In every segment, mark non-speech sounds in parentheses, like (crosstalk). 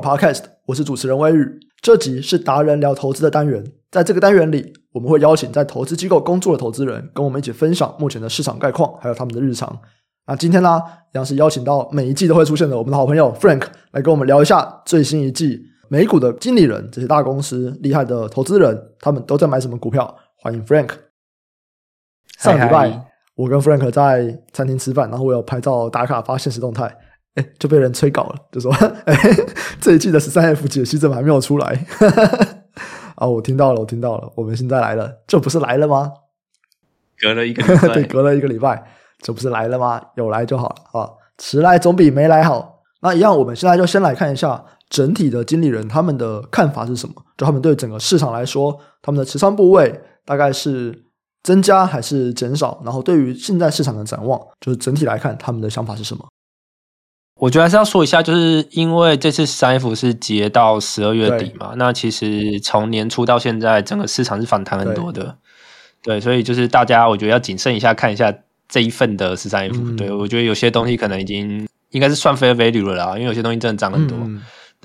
Podcast，我是主持人威宇，這集是達人聊投資的單元，在這個單元裡，我們會邀請在投資機構工作的投資人，跟我們一起分享目前的市場概況，還有他們的日常。那今天呢，也是邀請到每一季都會出現的我們的好朋友 Frank 來跟我們聊一下最新一季美股的經理人，這些大公司厲害的投資人，他們都在買什麼股票。歡迎 Frank。Hi hi 上禮拜我跟 Frank 在餐廳吃飯，然後我有拍照打卡發現實動態。欸、就被人催稿了，就說：“哎、欸，這一季的十三 F 解析怎麼還沒有出來？”哈哈哈，啊，我聽到了，我聽到了，我們現在來了，這不是來了嗎？隔了一個禮拜 (laughs) 對，隔了一個禮拜，這不是來了嗎？有來就好啊，遲來總比沒來好。那一樣，我們現在就先來看一下整體的經理人他們的看法是什麼，就他們對整個市場來說，他們的持倉部位大概是增加還是減少？然後對於現在市場的展望，就是整體來看他們的想法是什麼？我覺得還是要說一下，就是因為這次三 F 是截到十二月底嘛，對那其實從年初到現在，整個市場是反彈很多的，對，對，所以就是大家我覺得要謹慎一下，看一下這一份的十三 F，、嗯、對我覺得有些東西可能已經應該是算飛了飛率了啦，因為有些東西真的漲很多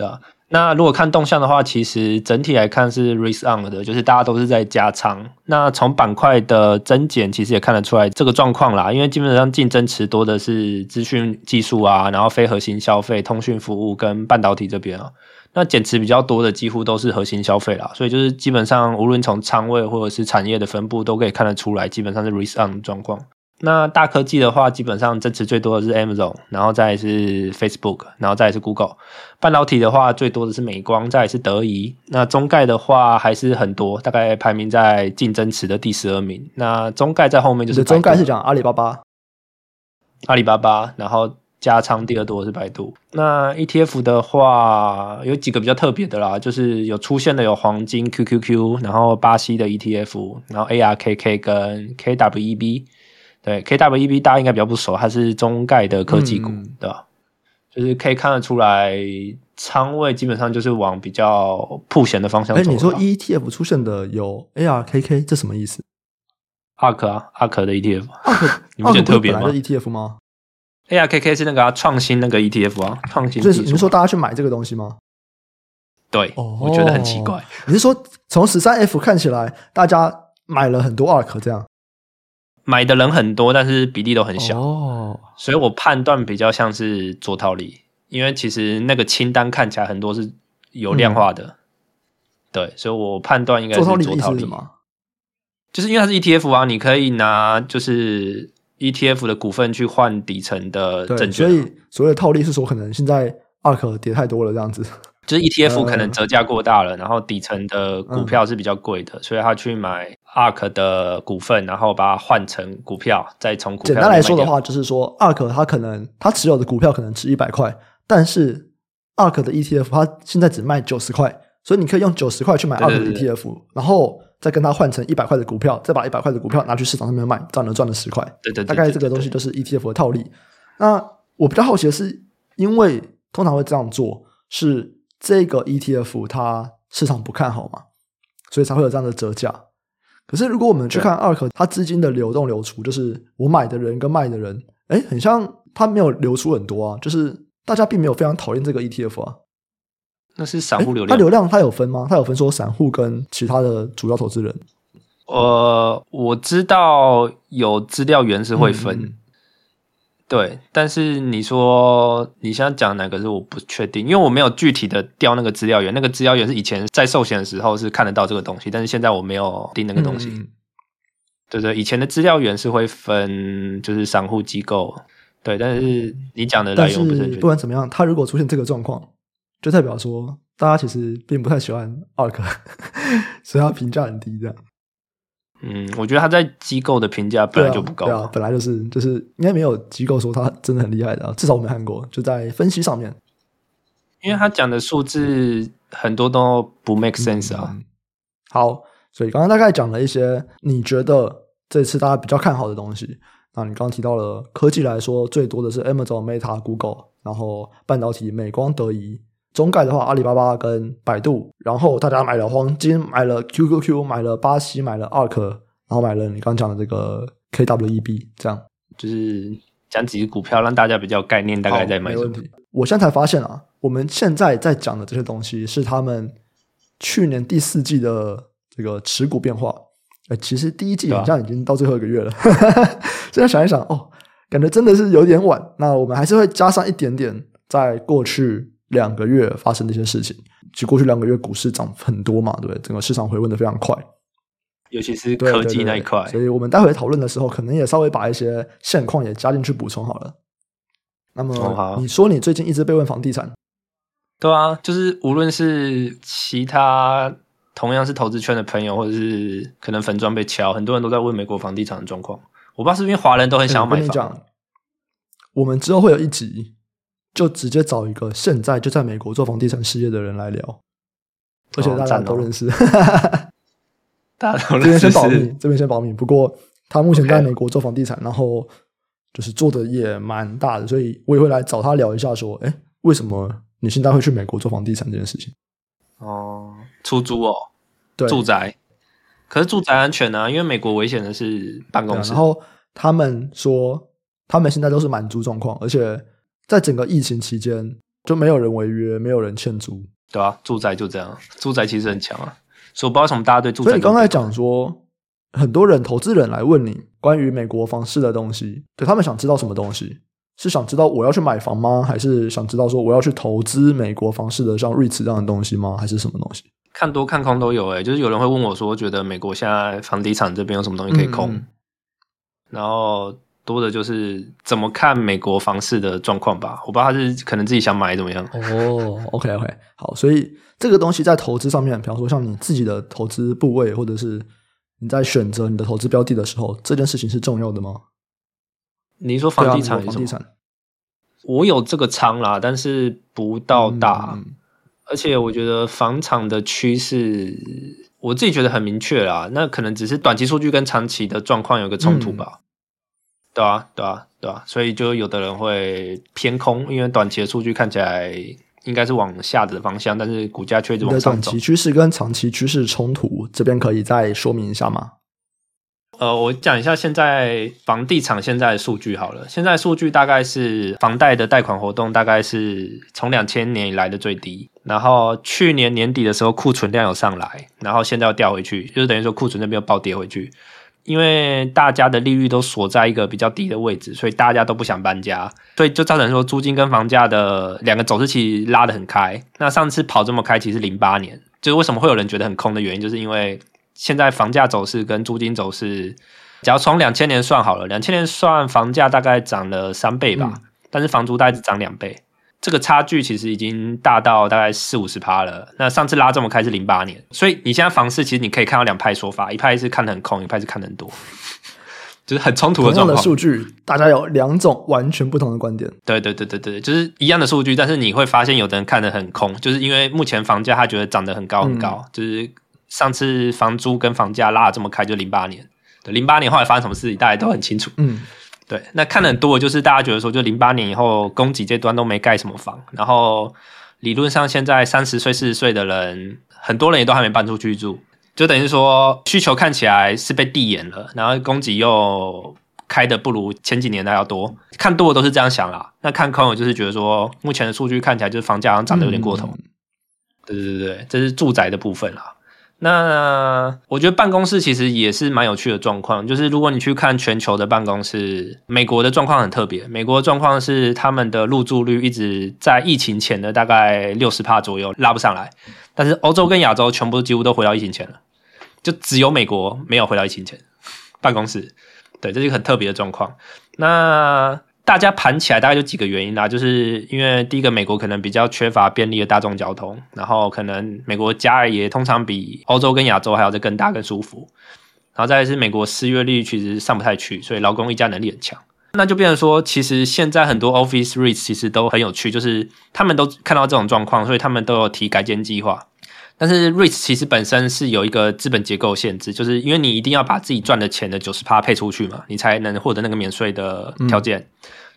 啊、嗯那如果看動向的話，其實整體來看是 risk on 的，就是大家都是在加倉。那從板塊的增減，其實也看得出來這個狀況啦。因為基本上淨增持多的是資訊技術啊，然後非核心消費、通訊服務跟半導體這邊啊，那減持比較多的幾乎都是核心消費啦。所以就是基本上無論從倉位或者是產業的分布，都可以看得出來，基本上是 risk on 的狀況。那大科技的話，基本上增持最多的是 Amazon，然後再是 Facebook，然後再是 Google。半導體的話，最多的是美光，再是德儀。那中概的話還是很多，大概排名在淨增持的第十二名。那中概在後面就是。中概是講阿里巴巴，阿里巴巴，然後加倉第二多是百度。那 ETF 的話，有幾個比較特別的啦，就是有出現的有黃金 QQQ，然後巴西的 ETF，然後 ARKK 跟 KWEB。對，K W E B 大家應該比較不熟，它是中概的科技股，嗯、對吧？就是可以看得出來，倉位基本上就是往比較曝險的方向走，欸。你說 E T F 出現的有 A R K K，這什麼意思？ARK 啊，ARK 的 E T F，ARKARK (laughs) 特別的 E T F 嗎？A R K K 是那個、啊、創新那個 E T F 啊，創新。就是你們說大家去買這個東西嗎？對，oh, 我覺得很奇怪。你是說從十三 F 看起來，大家買了很多 ARK 這樣？買的人很多，但是比例都很小，哦、所以，我判斷比較像是做套利，因為其實那個清單看起來很多是有量化的，嗯、對，所以我判斷應該是做套利，做套利嗎？就是因為它是 ETF 啊，你可以拿就是 ETF 的股份去換底層的證券、啊，所以所謂的套利是說，可能現在 ARKK 跌太多了，這樣子。就是 ETF 可能折價過大了，嗯、然後底層的股票是比較貴的，嗯、所以他去買 ARK 的股份，然後把它換成股票，再從股票簡單來說的話，就是說 ARK 他可能他持有的股票可能值一百塊，但是 ARK 的 ETF 它現在只賣九十塊，所以你可以用九十塊去買 ARK 的 ETF，然後再跟他換成一百塊的股票，再把一百塊的股票拿去市場上面賣，這樣能賺了十塊。對對，對，對，對對，大概這個東西就是 ETF 的套利。那我比較好奇的是，因為通常會這樣做是。這個 ETF 它市場不看好嘛，所以才會有這樣的折價。可是如果我們去看 ARKK< 對>，它資金的流動流出，就是我買的人跟賣的人，哎，很像它沒有流出很多啊，就是大家並沒有非常討厭這個 ETF 啊。那是散戶流量，它流量它有分嗎？它有分說散戶跟其他的主要投資人？呃，我知道有資料源是會分。嗯嗯對，但是你說你現在講哪個是我不確定，因為我沒有具體的調那個資料源。那個資料源是以前在壽險的時候是看得到這個東西，但是現在我沒有盯那個東西。嗯、對對，以前的資料源是會分，就是散戶機構，對。但是你講的、嗯，我不是，但是不管怎麼樣，他如果出現這個狀況，就代表說大家其實並不太喜歡 ARKK，所以他評價很低的。嗯，我覺得他在機構的評價本來就不高，對、啊，對啊，本來就是，就是應該沒有機構說他真的很厲害的、啊，至少我沒看過。就在分析上面，因為他講的數字很多都不 make sense 啊。嗯嗯嗯嗯嗯嗯、好，所以剛剛大概講了一些，你覺得這次大家比較看好的東西？那你剛剛提到了科技來說最多的是 Amazon、Meta、Google，然後半導體美光德儀、德儀。中概的話，阿里巴巴跟百度，然後大家買了黃金，買了 QQQ，買了巴西，買了 ARK，然後買了你剛剛講的這個 KWEB，這樣就是講幾個股票讓大家比較有概念，大概在買什麼。沒問題，我現在才發現啊，我們現在在講的這些東西是他們去年第四季的這個持股變化。呃，其實第一季好像已經到最後一個月了。啊、 (laughs) 現在想一想，哦，感覺真的是有點晚。那我們還是會加上一點點，在過去。兩個月發生的一些事情，就過去兩個月股市漲很多嘛，對不對？整個市場回溫的非常快，尤其是科技對對對對那一塊。所以我們待會討論的時候，可能也稍微把一些現況也加進去補充好了。那麼、哦，好，你說你最近一直被問房地產、哦，對啊，就是無論是其他同樣是投資圈的朋友，或者是可能粉專被敲，很多人都在問美國房地產的狀況。我不知道是不是因為華人都很想買房，我跟你講，我們之後會有一集。就直接找一個現在就在美國做房地產事業的人來聊，哦、而且大家都認識。哦、這邊先保密，就是、這邊先保密。不過他目前在美國做房地產，Okay. 然後就是做的也蠻大的，所以我也會來找他聊一下，說：誒，為什麼你現在會去美國做房地產這件事情？哦，出租哦，對，住宅。可是住宅安全呢、啊？因為美國危險的是辦公室、啊。然後他們說，他們現在都是滿租狀況，而且。在整個疫情期間，就沒有人違約，沒有人欠租，對吧、啊？住宅就這樣，住宅其實很強啊。所以我不知道為什麼大家對住宅。所以你剛才講說，很多人投資人來問你關於美國房市的東西，對他們想知道什麼東西？是想知道我要去買房嗎？還是想知道說我要去投資美國房市的像 REITS 這樣的東西嗎？還是什麼東西？看多看空都有哎、欸，就是有人會問我說，我覺得美國現在房地產這邊有什麼東西可以空？嗯、然後。多的就是怎麼看美國房市的狀況吧。我不知道他是可能自己想買怎麼樣。哦、oh，OK OK，好。所以這個東西在投資上面，比方說像你自己的投資部位，或者是你在選擇你的投資標的的時候，這件事情是重要的嗎？你說房地產、啊？房地產，我有這個倉啦，但是不到大。嗯、而且我覺得房產的趨勢，我自己覺得很明確啦。那可能只是短期數據跟長期的狀況有個衝突吧。嗯對啊，對啊，對啊，所以就有的人會偏空，因為短期的數據看起來應該是往下的方向，但是股價卻一直往上走。短期趨勢跟長期趨勢衝突，這邊可以再說明一下嗎？呃，我講一下現在房地產現在的數據好了，現在的數據大概是房貸的貸款活動大概是從兩千年以來的最低，然後去年年底的時候庫存量有上來，然後現在要掉回去，就是等於說庫存那邊又暴跌回去。因為大家的利率都鎖在一個比較低的位置，所以大家都不想搬家，所以就造成說租金跟房價的兩個走勢其實拉得很開。那上次跑這麼開，其實零八年，就是為什麼會有人覺得很空的原因，就是因為現在房價走勢跟租金走勢，假如從兩千年算好了，兩千年算房價大概漲了三倍吧，嗯、但是房租大概只漲兩倍。這個差距其實已經大到大概四五十趴了。那上次拉這麼開是零八年，所以你現在房市其實你可以看到兩派說法：一派是看得很空，一派是看得很多，就是很衝突的狀況。一樣的數據，大家有兩種完全不同的觀點。對對對對對，就是一樣的數據，但是你會發現有的人看得很空，就是因為目前房價他覺得漲得很高很高。嗯、就是上次房租跟房價拉得這麼開，就零八年。對，零八年後來發生什麼事情，大家都很清楚。嗯。對，那看的多的就是大家覺得說，就零八年以後供給這端都沒蓋什麼房，然後理論上現在三十歲、四十歲的人，很多人也都還沒搬出去住，就等於說需求看起來是被遞延了，然後供給又開的不如前幾年代要多，看多的都是這樣想啦，那看空的，就是覺得說目前的數據看起來就是房價好像漲得有點過頭。對、嗯、對對對，這是住宅的部分啦。那我覺得辦公室其實也是蠻有趣的狀況，就是如果你去看全球的辦公室，美國的狀況很特別，美國狀況是他們的入住率一直在疫情前的大概六十趴左右拉不上來，但是歐洲跟亞洲全部幾乎都回到疫情前了，就只有美國沒有回到疫情前，辦公室，對，這是一個很特別的狀況，那。大家盤起來大概就幾個原因啦，就是因為第一個，美國可能比較缺乏便利的大眾交通，然後可能美國家也通常比歐洲跟亞洲還要再更大更舒服，然後再來是美國失業率其實上不太去，所以勞工議價能力很強，那就變成說，其實現在很多 office REITs 其實都很有趣，就是他們都看到這種狀況，所以他們都有提改建計劃。但是，REITs 其實本身是有一個資本結構限制，就是因為你一定要把自己賺的錢的九十趴配出去嘛，你才能獲得那個免稅的條件。嗯、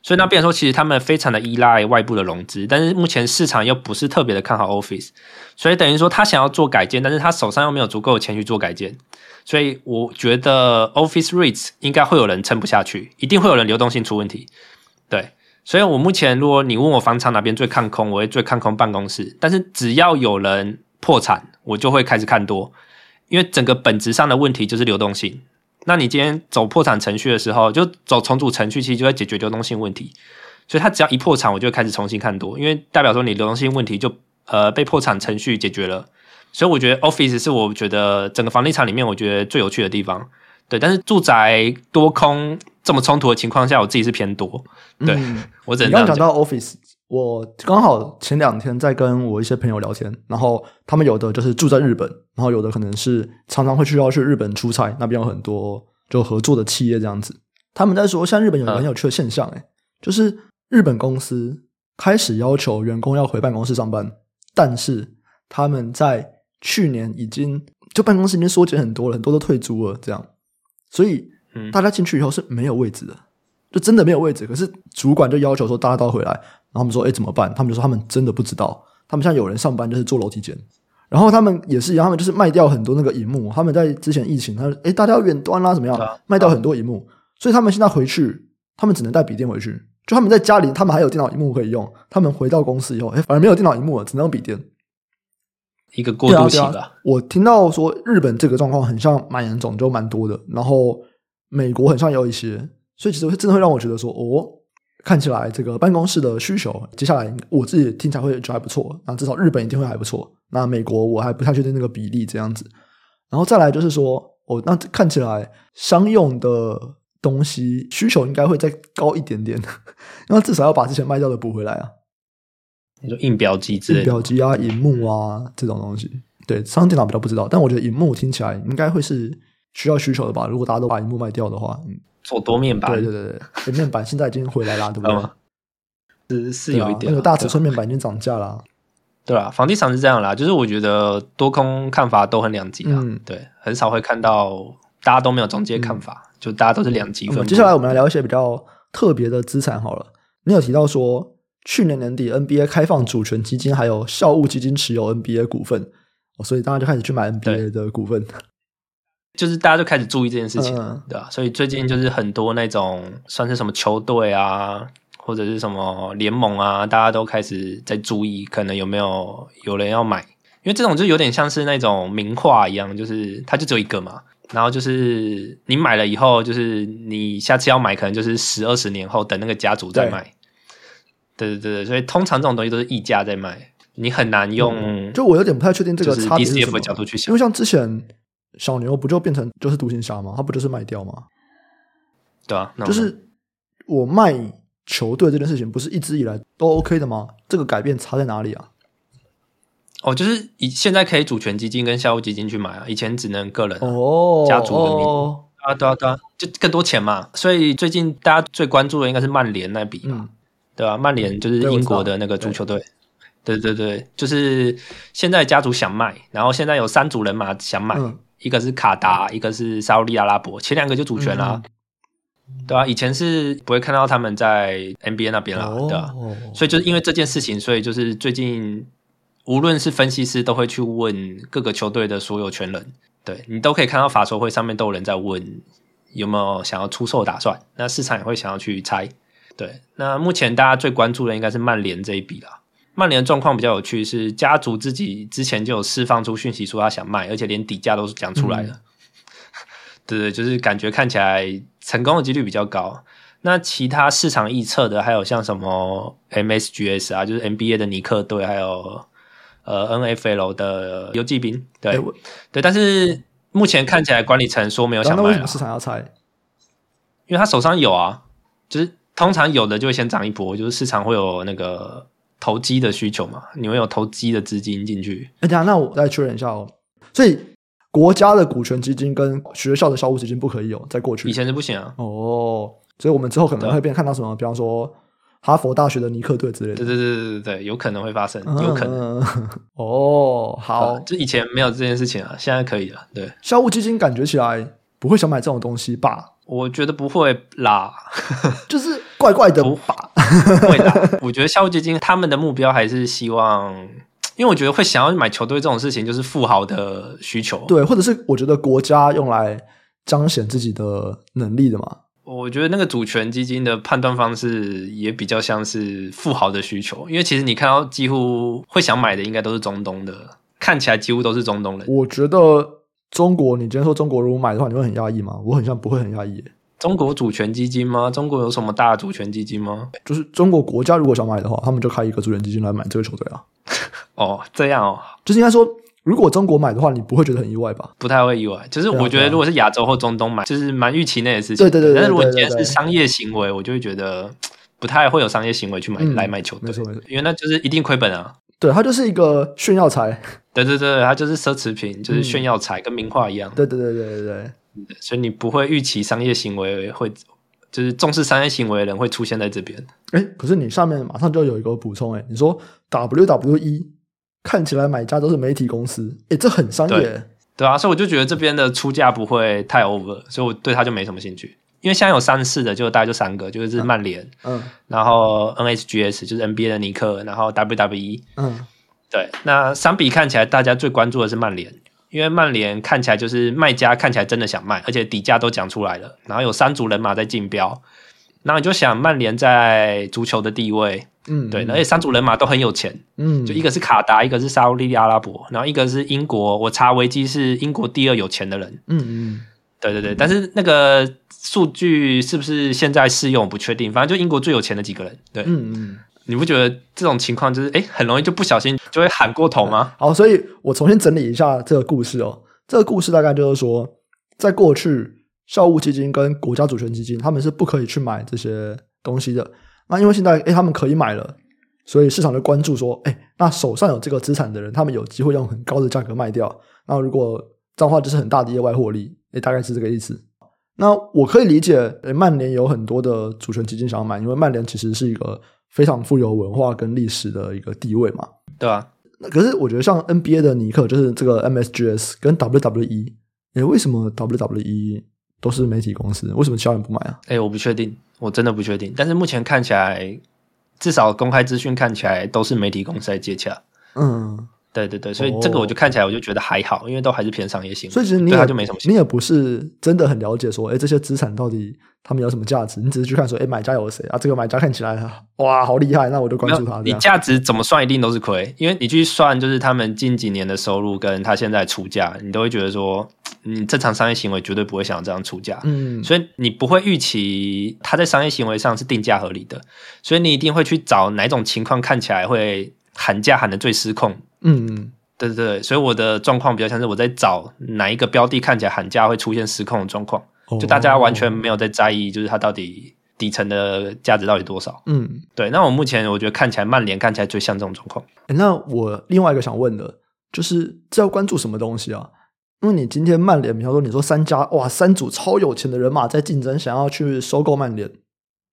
所以那變成說，其實他們非常的依賴外部的融資。但是目前市場又不是特別的看好 Office，所以等於說他想要做改建，但是他手上又沒有足夠的錢去做改建。所以我覺得 Office REITs 應該會有人撐不下去，一定會有人流動性出問題。對，所以我目前如果你問我房產哪邊最看空，我會最看空辦公室。但是只要有人破產，我就會開始看多，因為整個本質上的問題就是流動性。那你今天走破產程序的時候，就走重組程序，其實就會解決流動性問題。所以它只要一破產，我就會開始重新看多，因為代表說你流動性問題就呃被破產程序解決了。所以我覺得 office 是我覺得整個房地產裡面我覺得最有趣的地方。對，但是住宅多空這麼衝突的情況下，我自己是偏多。嗯、對，我只能這樣講。你剛講到 office。我剛好前兩天在跟我一些朋友聊天，然後他們有的就是住在日本，然後有的可能是常常會去要去日本出差，那邊有很多就合作的企業這樣子。他們在說，像日本有個很有趣的現象，欸，誒、嗯，就是日本公司開始要求員工要回辦公室上班，但是他們在去年已經就辦公室已經縮減很多了，很多都退租了這樣，所以大家進去以後是沒有位置的。就真的沒有位置，可是主管就要求說大家都要回來，然後他們說：“哎，怎麼辦？”他們就說：“他們真的不知道，他們像有人上班就是坐樓梯間，然後他們也是一樣，他們就是賣掉很多那個屏幕。他們在之前疫情，他說：“哎，大家要遠端啦、啊，怎麼樣？”啊、賣掉很多屏幕，啊、所以他們現在回去，他們只能帶筆電回去。就他們在家裡，他們還有電腦屏幕可以用。他們回到公司以後，哎，反而沒有電腦屏幕了，只能用筆電。一個過渡期吧、啊啊、我聽到說日本這個狀況很像蠻嚴重就蠻多的。然後美國很像有一些。所以其實會真的會讓我覺得說哦，看起來這個辦公室的需求，接下來我自己聽起來會就還不錯。那至少日本一定會還不錯。那美國我還不太確定那個比例這樣子。然後再來就是說哦，那看起來商用的東西需求應該會再高一點點，那至少要把之前賣掉的補回來啊。你說印表機之類的、印表機啊、熒幕啊這種東西，對，商用電腦比較不知道，但我覺得熒幕聽起來應該會是。需要需求的吧？如果大家都把熒幕賣掉的話，嗯，做多面板。對、嗯、對對對， (laughs) 面板現在已經回來了，對不對？嗯、是是有一點、啊啊，那個大尺寸面板已經漲價了、啊對，對啦、啊，房地產是這樣啦，就是我覺得多空看法都很兩極啦。嗯，對，很少會看到大家都沒有中間看法，嗯、就大家都是兩極。分。接下來我們來聊一些比較特別的資產好了。 (laughs) 你有提到說去年年底 NBA 開放主權基金還有校務基金持有 NBA 股份，哦、所以大家就開始去買 NBA 的股份。就是大家就開始注意這件事情，嗯嗯對吧？所以最近就是很多那種算是什麼球隊啊，或者是什麼聯盟啊，大家都開始在注意，可能有沒有有人要買，因為這種就有點像是那種名畫一樣，就是它就只有一個嘛。然後就是你買了以後，就是你下次要買，可能就是十二十年後等那個家族再買。對，對對對，所以通常這種東西都是溢價在賣，你很難用、嗯。就我有點不太確定這個 DCF 角度去想，因為像之前。小牛，不就變成就是獨行俠嗎？他不就是賣掉嗎？對啊，就是我賣球隊這件事情，不是一直以來都 OK 的嗎？這個改變差在哪裡啊？哦，就是以現在可以主權基金跟校務基金去買啊，以前只能個人哦、啊 oh, 家族的名義、oh. 啊對啊對啊，就更多錢嘛。所以最近大家最關注的應該是曼聯那筆，嗯、對啊，曼聯就是英國的那個足球隊，嗯、對，對，對對對，就是現在家族想賣，然後現在有三組人馬想買。嗯一個是卡達，一個是沙烏地阿拉伯，前兩個就主權啦。嗯、哼對啊，以前是不會看到他們在 NBA 那邊啦、哦、對啊。所以就是因為這件事情，所以就是最近無論是分析師都會去問各個球隊的所有權人，對你都可以看到法說會上面都有人在問有沒有想要出售打算，那市場也會想要去猜。對，那目前大家最關注的應該是曼聯這一筆了。曼聯的狀況比較有趣，是家族自己之前就有釋放出訊息說他想賣，而且連底價都是講出來的。嗯、 (laughs) 對，就是感覺看起來成功的幾率比較高。那其他市場預測的還有像什麼 MSGS 啊，就是 NBA 的尼克隊，還有呃 NFL 的遊騎、呃、兵，對、欸、對。但是目前看起來管理層說沒有想賣，那為什麼市場要猜？因為他手上有啊，就是通常有的就會先漲一波，就是市場會有那個。投機的需求嘛，你們有投機的資金進去？哎、欸，等一下，那我再確認一下哦。所以國家的股權基金跟學校的校務基金不可以有，在過去。以前是不行啊。哦，所以我們之後可能會變看到什麼，對比方說哈佛大學的尼克隊之類的。對對對對對，有可能會發生，嗯、有可能。哦，好、啊，就以前沒有這件事情啊，現在可以了。對，校務基金感覺起來不會想買這種東西吧？我覺得不會啦，就是怪怪的 (laughs) 不會的。我覺得校務基金他們的目標還是希望，因為我覺得會想要買球隊這種事情，就是富豪的需求，對，或者是我覺得國家用來彰顯自己的能力的嘛。我覺得那個主權基金的判斷方式也比較像是富豪的需求，因為其實你看到幾乎會想買的，應該都是中東的，看起來幾乎都是中東人。我覺得。中國，你今天說中國如果買的話，你會很壓抑嗎？我好像不會很壓抑。中國主權基金嗎？對中國有什麼大的主權基金嗎？就是中國國家如果想買的話，他們就開一個主權基金來買這個球隊啊。哦，這樣哦，就是應該說，如果中國買的話，你不會覺得很意外吧？不太會意外。就是我覺得，如果是亞洲或中東買，啊、就是蠻預期內的事情。對，對對對。但是如果你今天是商業行為，對對對對，我就會覺得不太會有商業行為去買、嗯、來買球隊，沒事沒事，因為那就是一定虧本啊。對，它就是一個炫耀財。對對對，它就是奢侈品，就是炫耀財，跟名畫一樣。對、嗯、對對對對對。所以你不會預期商業行為會，就是重視商業行為的人會出現在這邊。哎，可是你上面馬上就有一個補充、欸，哎，你說 WWE 看起來買家都是媒體公司，哎，這很商業、欸對。對啊，所以我就覺得這邊的出價不會太 over，所以我對它就沒什麼興趣。因為現在有三四的，就大概就三個，就是曼聯，嗯，然後 N H G S，就是 N B A 的尼克，然後 W W E，嗯，對，那相比看起來大家最關注的是曼聯，因為曼聯看起來就是賣家看起來真的想賣，而且底價都講出來了，然後有三組人馬在競標，然後你就想曼聯在足球的地位，嗯，對，而且三組人馬都很有錢，嗯，就一個是卡達，一個是沙烏地阿拉伯，然後一個是英國，我查維基是英國第二有錢的人，嗯嗯。對對對，嗯、但是那個數據是不是現在適用不確定？反正就英國最有錢的幾個人，對，嗯嗯，嗯，你不覺得這種情況就是哎，很容易就不小心就會喊過頭嗎？好，所以我重新整理一下這個故事哦。這個故事大概就是說，在過去，校務基金跟國家主權基金他們是不可以去買這些東西的。那因為現在哎，他們可以買了，所以市場就關注說，哎，那手上有這個資產的人，他們有機會用很高的價格賣掉。那如果這樣的話，就是很大的業外獲利。欸、大概是這個意思。那我可以理解，欸、曼聯有很多的主權基金想要買，因為曼聯其實是一個非常富有文化跟歷史的一個地位嘛，對吧、啊？可是我覺得像 NBA 的尼克，就是這個 MSGS 跟 WWE，誒、欸，為什麼 WWE 都是媒體公司？為什麼其他人不買啊？欸、我不確定，我真的不確定。但是目前看起來，至少公開資訊看起來都是媒體公司在接洽。嗯。對對對，所以這個我就看起來我就覺得還好，oh, okay. 因為都還是偏商業行為，所以其實你就沒什麼，你也不是真的很了解說，哎，這些資產到底他們有什麼價值？你只是去看說，哎，買家有誰啊？這個買家看起來哇，好厲害，那我就關注他。你價值怎麼算一定都是虧，因為你去算就是他們近幾年的收入跟他現在出價，你都會覺得說，你正常商業行為絕對不會想要這樣出價，嗯，所以你不會預期他在商業行為上是定價合理的，所以你一定會去找哪種情況看起來會喊價喊得最失控。嗯嗯，對對對，所以我的狀況比較像是我在找哪一個標的看起來喊價會出現失控的狀況，哦、就大家完全沒有在在意，就是它到底底層的價值到底多少。嗯，對。那我目前我覺得看起來曼聯看起來最像這種狀況。誒，那我另外一個想問的，就是這要關注什麼東西啊？因為你今天曼聯，比方說你說三家，哇，三組超有錢的人馬在競爭，想要去收購曼聯，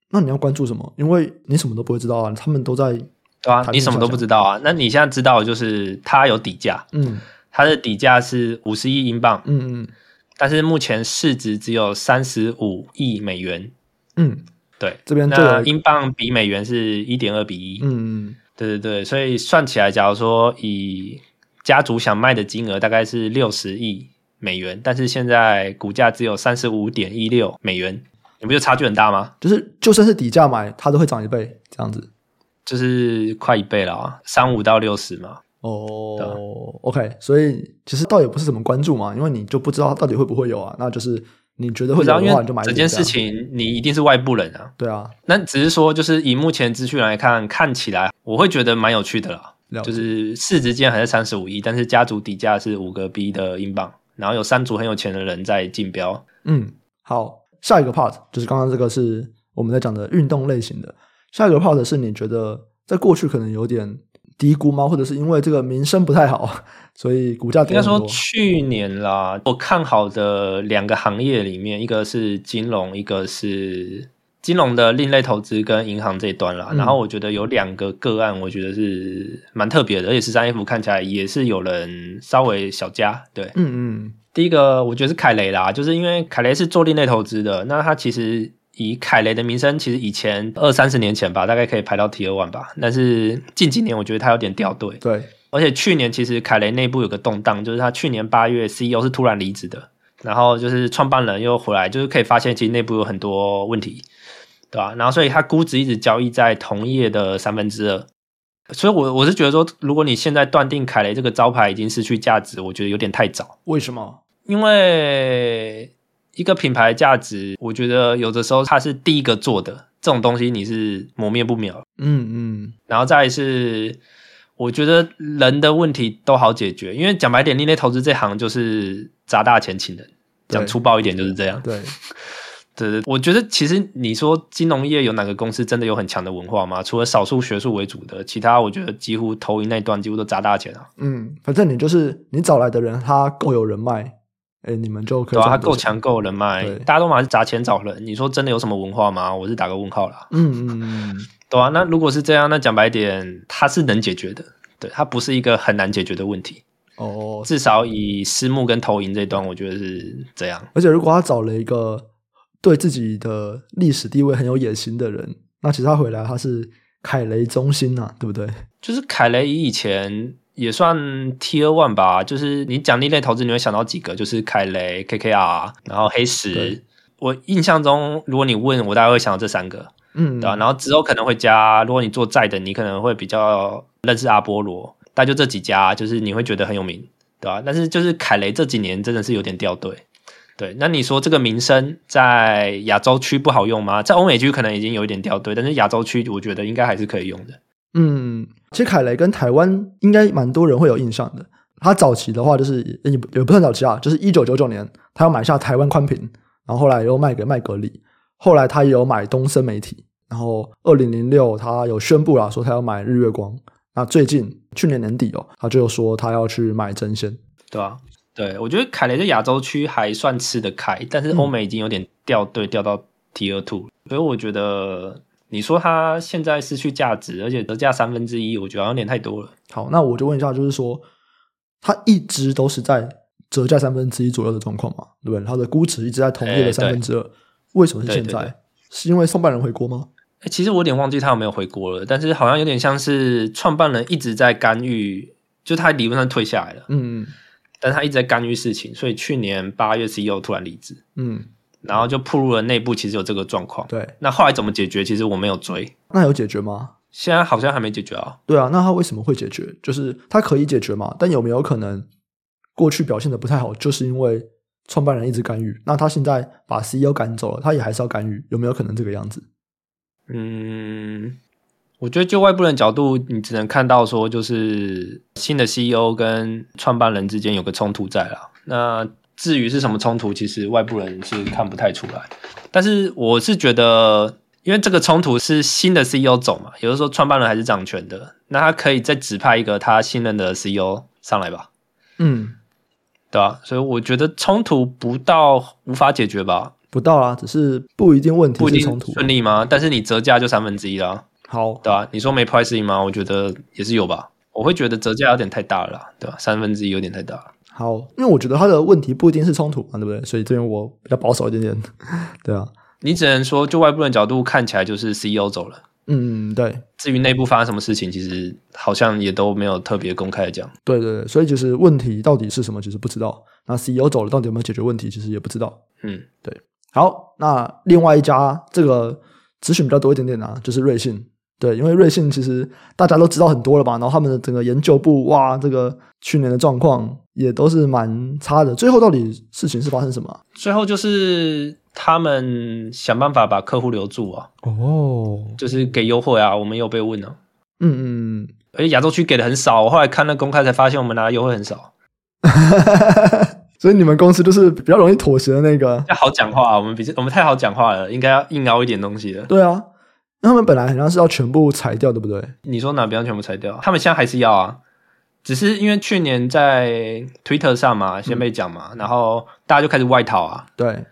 那你要關注什麼？因為你什麼都不會知道啊，他們都在。對啊，你什麼都不知道啊？那你現在知道，就是它有底價，嗯嗯，嗯，它的底價是五十億英鎊，嗯嗯，但是目前市值只有三十五億美元，嗯，對，這邊的英鎊比美元是一點二比一，嗯嗯，對對對，所以算起來，假如說以家族想賣的金額大概是六十億美元，但是現在股價只有三十五點一六美元，你不覺得差距很大嗎？就是就算是底價買，它都會漲一倍這樣子。就是快一倍了、啊，三五到六十嘛。哦、oh, 對，OK，所以其實倒也不是怎麼關注嘛，因為你就不知道它到底會不會有啊。那就是你覺得會這樣、啊，因為這件事情你一定是外部人啊。嗯、對啊，那只是說就是以目前資訊來看，看起來我會覺得蠻有趣的啦。了解就是市值竟然還是三十五億，但是家族底價是五個 B 的英鎊，然後有三組很有錢的人在競標。嗯，好，下一個 part 就是剛剛這個是我們在講的運動類型的。下一個 part 是你覺得在過去可能有點低估嗎？或者是因為這個名聲不太好，所以股價應該說去年啦，嗯、我看好的兩個行業裡面，一個是金融，一個是金融的另類投資跟銀行這一端啦。嗯、然後我覺得有兩個個案，我覺得是蠻特別的，而且十三 F 看起來也是有人稍微小加。對，嗯嗯。第一個我覺得是凱雷啦，就是因為凱雷是做另類投資的，那他其實。以凱雷的名聲，其實以前二三十年前吧，大概可以排到第二位吧。但是近幾年，我覺得他有點掉隊。對，而且去年其實凱雷內部有個動盪，就是他去年八月 CEO 是突然離職的，然後就是創辦人又回來，就是可以發現其實內部有很多問題，對吧？然後所以他估值一直交易在同業的三分之二。所以我我是覺得說，如果你現在斷定凱雷這個招牌已經失去價值，我覺得有點太早。為什麼？因為。一個品牌價值，我覺得有的時候它是第一個做的這種東西，你是磨滅不了、嗯。嗯嗯。然後再來是，我覺得人的問題都好解決，因為講白點，另類投資這行就是砸大錢請人，講對粗暴一點就是這樣。對, (laughs) 對,對對，我覺得其實你說金融業有哪個公司真的有很強的文化嗎？除了少數學術為主的，其他我覺得幾乎投影那一那段幾乎都砸大錢啊。嗯，反正你就是你找來的人，他夠有人脈。哎、欸，你們就可以對啊，他夠強夠人脈，對大家都馬上砸錢找人。你說真的有什麼文化嗎？我是打個問號了、嗯。嗯嗯嗯，懂 (laughs) 啊？那如果是這樣，那講白點，他是能解決的。對，他不是一個很難解決的問題。哦，至少以私募跟投銀這一段，我覺得是這樣。而且如果他找了一個對自己的歷史地位很有野心的人，那其實他回來他是凱雷中心吶、啊，對不對？就是凱雷以以前。也算 Tier One 吧，就是你另類投資你會想到幾個？就是凱雷、KKR，然後黑石。對我印象中，如果你問我，大概會想到這三個，嗯，對吧、啊？然後之後可能會加，如果你做債的，你可能會比較認識阿波羅，大概就這幾家，就是你會覺得很有名，對吧、啊？但是就是凱雷這幾年真的是有點掉隊，對。那你說這個名聲在亞洲區不好用嗎？在歐美區可能已經有一點掉隊，但是亞洲區我覺得應該還是可以用的，嗯。.其實凱雷跟台灣應該蠻多人會有印象的。他早期的話就是也不，也不算早期啊，就是一九九九年他要買下台灣寬頻，然後後來又賣給麥格里。後來他也有買東森媒體，然後二零零六他有宣布了說他要買日月光。那最近去年年底哦，他就說他要去買真仙。對啊，對我覺得凱雷在亞洲區還算吃得開，但是歐美已經有點掉隊，嗯，掉到 tier two。所以我覺得。你說他現在失去價值，而且折價三分之一，3，我覺得好像有點太多了。好，那我就問一下，就是說，他一直都是在折價三分之一左右的狀況嘛？對，對他的估值一直在同業的三分之二，欸、為什麼是現在？對對對，是因為送辦人回國嗎、欸？其實我有點忘記他有沒有回國了，但是好像有點像是創辦人一直在干預，就他理論上退下來了，嗯，但他一直在干預事情，所以去年八月十一號突然離職，嗯。然後就暴露了內部其實有這個狀況。對，那後來怎麼解決？其實我沒有追。那有解決嗎？現在好像還沒解決啊。對啊，那他為什麼會解決？就是他可以解決嘛？但有沒有可能過去表現的不太好，就是因為創辦人一直干預？那他現在把 CEO 趕走了，他也還是要干預？有沒有可能這個樣子？嗯，我覺得就外部人角度，你只能看到說，就是新的 CEO 跟創辦人之間有個衝突在啦。那。至於是什麼衝突，其實外部人是看不太出來。但是我是覺得，因為這個衝突是新的 CEO 走嘛，有的時候創辦人還是掌權的，那他可以再指派一個他信任的 CEO 上來吧。嗯，對啊，所以我覺得衝突不到無法解決吧？不到啊，只是不一定問題，不一定衝突順利嗎？但是你折價就三分之一啦。啊、好，對啊，你說沒 price in 嗎？我覺得也是有吧。我會覺得折價有、啊、有點太大了，對吧？三分之一有點太大了。好，因為我覺得他的問題不一定是衝突嘛，對不對？所以這邊我比較保守一點點。對啊，你只能說就外部人角度看起來，就是 CEO 走了。嗯，對。至於內部發生什麼事情，其實好像也都沒有特別公開的講。對對對，所以就是問題到底是什麼，其實不知道。那 CEO 走了，到底有沒有解決問題，其實也不知道。嗯，對。好，那另外一家這個諮詢比較多一點點啊，就是瑞信。對，因為瑞信其實大家都知道很多了吧？然後他們的整個研究部，哇，這個去年的狀況。也都是蠻差的。最後到底事情是發生什麼、啊？最後就是他們想辦法把客戶留住啊。哦，oh. 就是給優惠啊。我們有被問呢、啊。嗯嗯。而且亞洲區給的很少。我後來看那公開才發現，我們拿的優惠很少。 (laughs) 所以你們公司就是比較容易妥協的那個。要好講話、啊，我們比較，我們太好講話了，應該要硬拗一點東西的。對啊。那他們本來好像是要全部裁掉，對不對？你說哪邊要全部裁掉？他們現在還是要啊。只是因為去年在 Twitter 上嘛，先被講嘛，嗯、然後大家就開始外逃啊。對。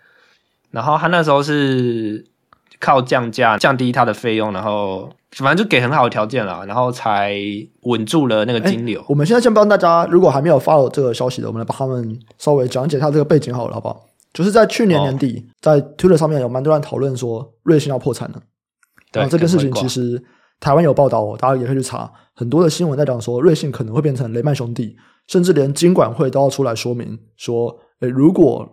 然後他那時候是靠降價、降低他的費用，然後反正就給很好的條件了，然後才穩住了那個金流。欸、我們現在先幫大家，如果還沒有發到這個消息的，我們來幫他們稍微講解一下這個背景，好了，好不好？就是在去年年底，哦、在 Twitter 上面有蠻多人討論說瑞信要破產了。對，然後這個事情其實。台灣有報道哦，大家也可以去查很多的新聞，在講說瑞信可能會變成雷曼兄弟，甚至連金管會都要出來說明說，哎、欸，如果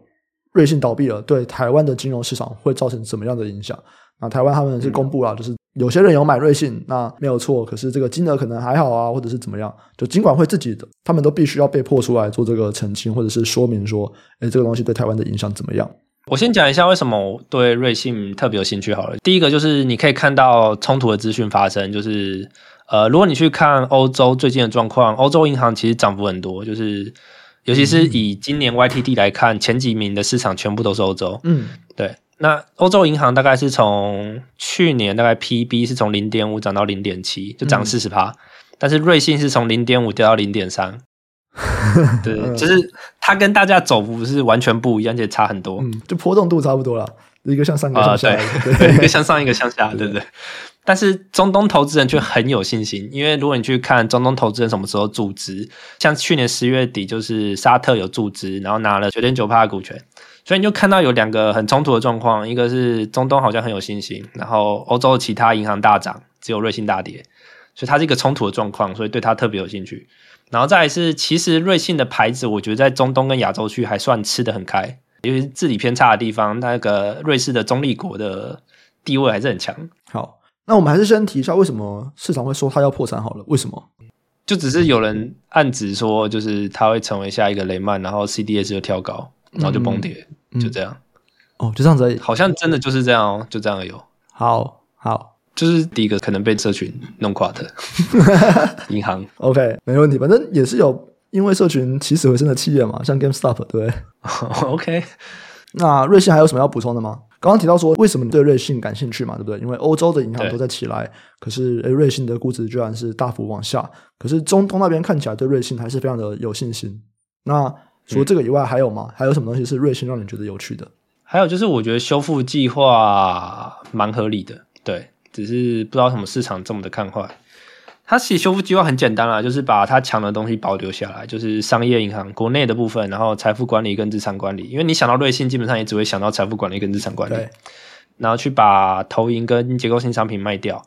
瑞信倒閉了，對台灣的金融市場會造成怎麼樣的影響？那台灣他們是公布了，嗯、就是有些人有買瑞信，那沒有錯，可是這個金額可能還好啊，或者是怎麼樣，就金管會自己的，他們都必須要被迫出來做這個澄清或者是說明說，哎、欸，這個東西對台灣的影響怎麼樣？我先講一下為什麼我對瑞信特別有興趣好了。第一個就是你可以看到衝突的資訊發生，就是呃，如果你去看歐洲最近的狀況，歐洲銀行其實漲幅很多，就是尤其是以今年 YTD 來看，嗯、前幾名的市場全部都是歐洲。嗯，對。那歐洲銀行大概是從去年大概 PB 是從零點五漲到零點七，就漲四十趴，嗯、但是瑞信是從零點五掉到零點三。 (laughs) 對，就是他跟大家走幅是完全不一樣，而且差很多。嗯，就波動度差不多啦，一個向上，一個向下，對， (laughs) 一個向上，一個向下，對不對，對？對但是中東投資人卻很有信心，對因為如果你去看中東投資人什麼時候注資，像去年十月底，就是沙特有注資，然後拿了九點九趴的股權，所以你就看到有兩個很衝突的狀況：一個是中東好像很有信心，然後歐洲其他銀行大漲，只有瑞信大跌，所以它是一個衝突的狀況，所以對它特別有興趣。然後再來是，其實瑞信的牌子，我覺得在中東跟亞洲區還算吃得很開，因為治理偏差的地方，那個瑞士的中立國的地位還是很強。好，那我們還是先提一下，為什麼市場會說它要破產好了？為什麼？就只是有人暗指說，就是它會成為下一個雷曼，然後 CDS 就跳高，然後就崩跌，嗯、就這樣、嗯。哦，就這樣子而已，好像真的就是這樣哦，就這樣而已。好好。就是第一個可能被社群弄垮的銀 (laughs) 銀行，OK，沒問題，反正也是有因為社群起死回生的企業嘛，像 GameStop，對不對、oh,？OK，那瑞信還有什麼要補充的嗎？剛剛提到說為什麼你對瑞信感興趣嘛，對不對？因為歐洲的銀行都在起來，對可是瑞信的估值居然是大幅往下。可是中東那邊看起來對瑞信還是非常的有信心。那除了這個以外還有嗎？嗯、還有什麼東西是瑞信讓你覺得有趣的？還有就是我覺得修復計劃蠻合理的，對。只是不知道什麼市場這麼的看壞，它其實修復計劃很簡單啦，就是把它強的東西保留下來，就是商業銀行國內的部分，然後財富管理跟資產管理。因為你想到瑞信，基本上也只會想到財富管理跟資產管理。對然後去把投銀跟結構性商品賣掉。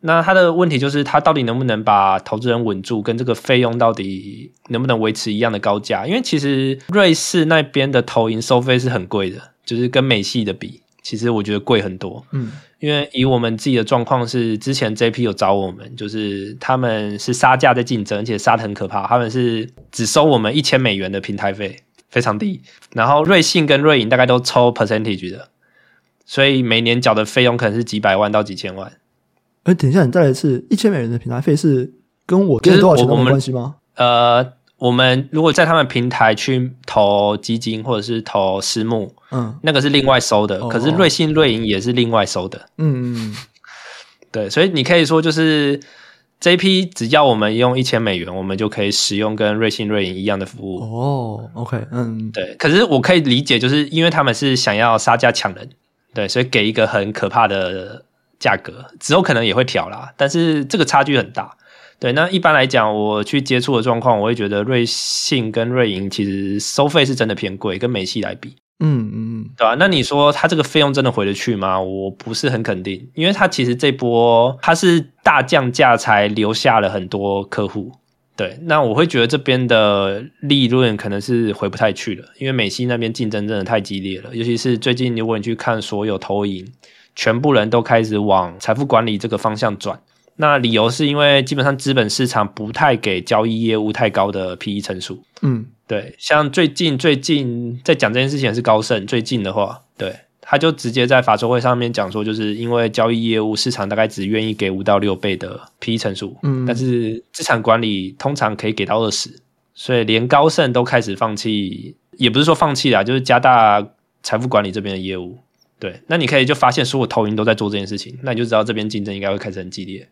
那它的問題就是，它到底能不能把投資人穩住，跟這個費用到底能不能維持一樣的高價？因為其實瑞士那邊的投銀收費是很貴的，就是跟美系的比。其實我覺得貴很多，嗯，因為以我們自己的狀況是，之前 JP 有找我們，就是他們是殺價在競爭，而且殺得很可怕，他們是只收我們一千美元的平台費，非常低。然後瑞信跟瑞銀大概都抽 percentage 的，所以每年繳的費用可能是幾百萬到幾千萬。欸，等一下，你再來一次，一千美元的平台費是跟我墊多少錢的關係嗎？呃。我們如果在他們平台去投基金或者是投私募，嗯，那個是另外收的。嗯，可是瑞信瑞銀也是另外收的。嗯，對，所以你可以說就是 JP 只要我們用一千美元，我們就可以使用跟瑞信瑞銀一樣的服務。哦，OK，嗯，對。可是我可以理解，就是因為他們是想要殺價搶人，對，所以給一個很可怕的價格之後，可能也會調啦。但是這個差距很大。對，那一般來講，我去接觸的狀況，我會覺得瑞信跟瑞銀其實收費是真的偏貴，跟美系來比。嗯嗯，嗯，對吧、啊？那你說他這個費用真的回得去嗎？我不是很肯定，因為他其實這波他是大降價才留下了很多客戶。對，那我會覺得這邊的利潤可能是回不太去了，因為美系那邊競爭真的太激烈了，尤其是最近如果你去看所有投銀，全部人都開始往財富管理這個方向轉。那理由是因為基本上資本市場不太給交易業務太高的 P E 乘數。嗯，對，像最近最近在講這件事情是高盛，最近的話，對，他就直接在法說會上面講說，就是因為交易業務市場大概只願意給五到六倍的 P E 乘數，嗯，但是資產管理通常可以給到二十，所以連高盛都開始放棄，也不是說放棄啦，就是加大財富管理這邊的業務。對，那你可以就發現所有投銀都在做這件事情，那你就知道這邊競爭應該會開始很激烈。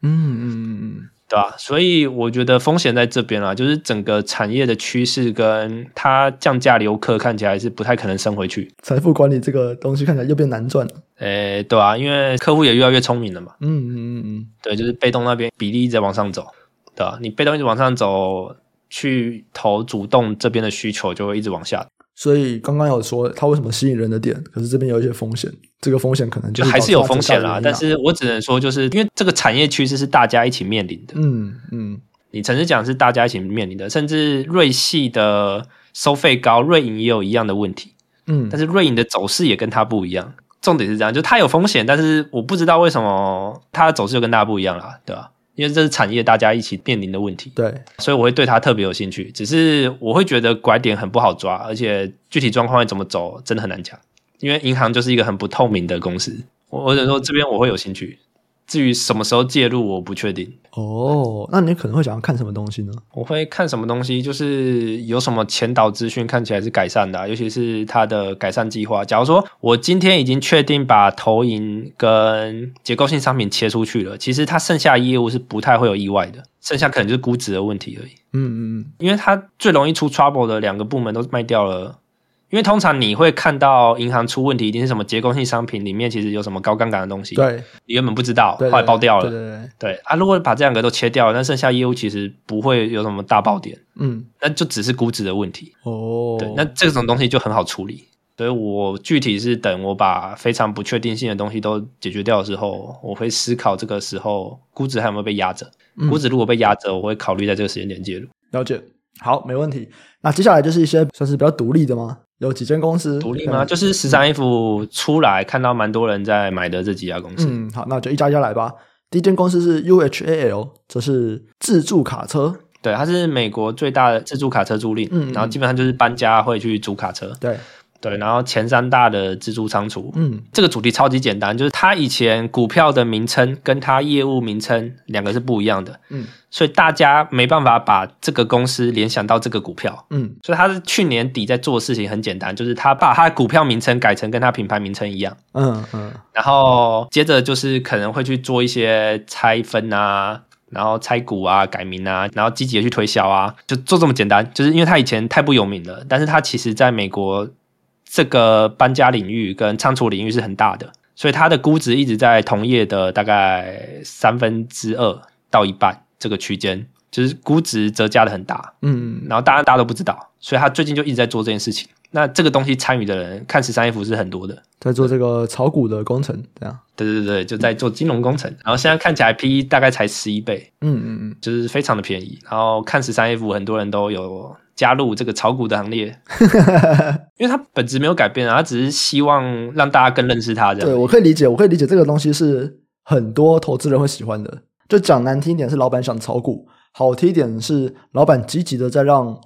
嗯嗯嗯嗯，對吧？所以我覺得風險在這邊啊，就是整個產業的趨勢跟它降價留客看起來是不太可能升回去。財富管理這個東西看起來又變難賺了。欸，對啊，因為客戶也越來越聰明了嘛。嗯嗯嗯嗯，對，就是被動那邊比例一直在往上走，對吧？你被動一直往上走，去投主動這邊的需求就會一直往下。所以剛剛有說它為什麼吸引人的點，可是這邊有一些風險，這個風險可能就是還是有風險啦，但是我只能說，就是因為這個產業趨勢是大家一起面臨的。嗯嗯，嗯，你誠實講是大家一起面臨的，甚至瑞信的收費高，瑞銀也有一樣的問題。嗯，但是瑞銀的走勢也跟它不一樣。重點是這樣，就它有風險，但是我不知道為什麼它的走勢就跟大家不一樣啦，對吧，啊？因為這是產業大家一起面臨的問題，對，所以我會對它特別有興趣。只是我會覺得拐點很不好抓，而且具體狀況會怎麼走，真的很難講。因為銀行就是一個很不透明的公司，我或者說這邊我會有興趣。至於什麼時候介入，我不確定。哦，oh, 那你可能會想要看什麼東西呢？我會看什麼東西，就是有什麼前導資訊看起來是改善的啊，尤其是它的改善計劃。假如說我今天已經確定把投銀跟結構性商品切出去了，其實它剩下業務是不太會有意外的，剩下可能就是估值的問題而已。嗯嗯嗯，因為它最容易出 trouble 的兩個部門都賣掉了。因為通常你會看到銀行出問題，一定是什麼結構性商品裡面其實有什麼高槓桿的東西。對，你原本不知道，後來爆掉了。對對、對、對、對、對、對、對、對啊，如果把這兩個都切掉了，那剩下業務其實不會有什麼大爆點。嗯，那就只是估值的問題。哦。對，那這種東西就很好處理。所以對我具體是等我把非常不確定性的東西都解決掉的時候，我會思考這個時候估值還有沒有被壓着。嗯，估值如果被壓着，我會考慮在這個時間點介入。了解。好，沒問題。那接下來就是一些算是比較獨立的嗎？有幾間公司獨立嗎？看看就是 13F 出來，嗯、看到蠻多人在買的這幾家公司。嗯，好，那就一家一家來吧。第一間公司是 UHAL，這是自助卡車。對，它是美國最大的自助卡車租賃。嗯，然後基本上就是搬家會去租卡車。嗯嗯、對。對，然後前三大的自助倉儲，嗯，這個主題超級簡單，就是他以前股票的名稱跟他業務名稱兩個是不一樣的，嗯，所以大家沒辦法把這個公司聯想到這個股票，嗯，所以他是去年底在做的事情很簡單，就是他把他的股票名稱改成跟他品牌名稱一樣，嗯嗯，嗯，然後接着就是可能會去做一些拆分啊，然後拆股啊，改名啊，然後積極的去推銷啊，就做這麼簡單，就是因為他以前太不有名了，但是他其實在美國。這個搬家領域跟倉儲領域是很大的，所以它的估值一直在同業的大概三分之二到一半這個區間，就是估值折價的很大。嗯，嗯，然後當然大家都不知道，所以他最近就一直在做這件事情。那這個東西參與的人看十三 F 是很多的，在做這個炒股的工程，對這樣？對對對對，就在做金融工程。然後現在看起來 PE 大概才十一倍，嗯嗯嗯，就是非常的便宜。然後看十三 F 很多人都有，加入這個炒股的行列，因為他本質沒有改變啊，他只是希望讓大家更認識他這樣。對，我可以理解，我可以理解這個東西是很多投資人會喜歡的。就講難聽一點，是老板想炒股；好聽一點，是老板積極的在讓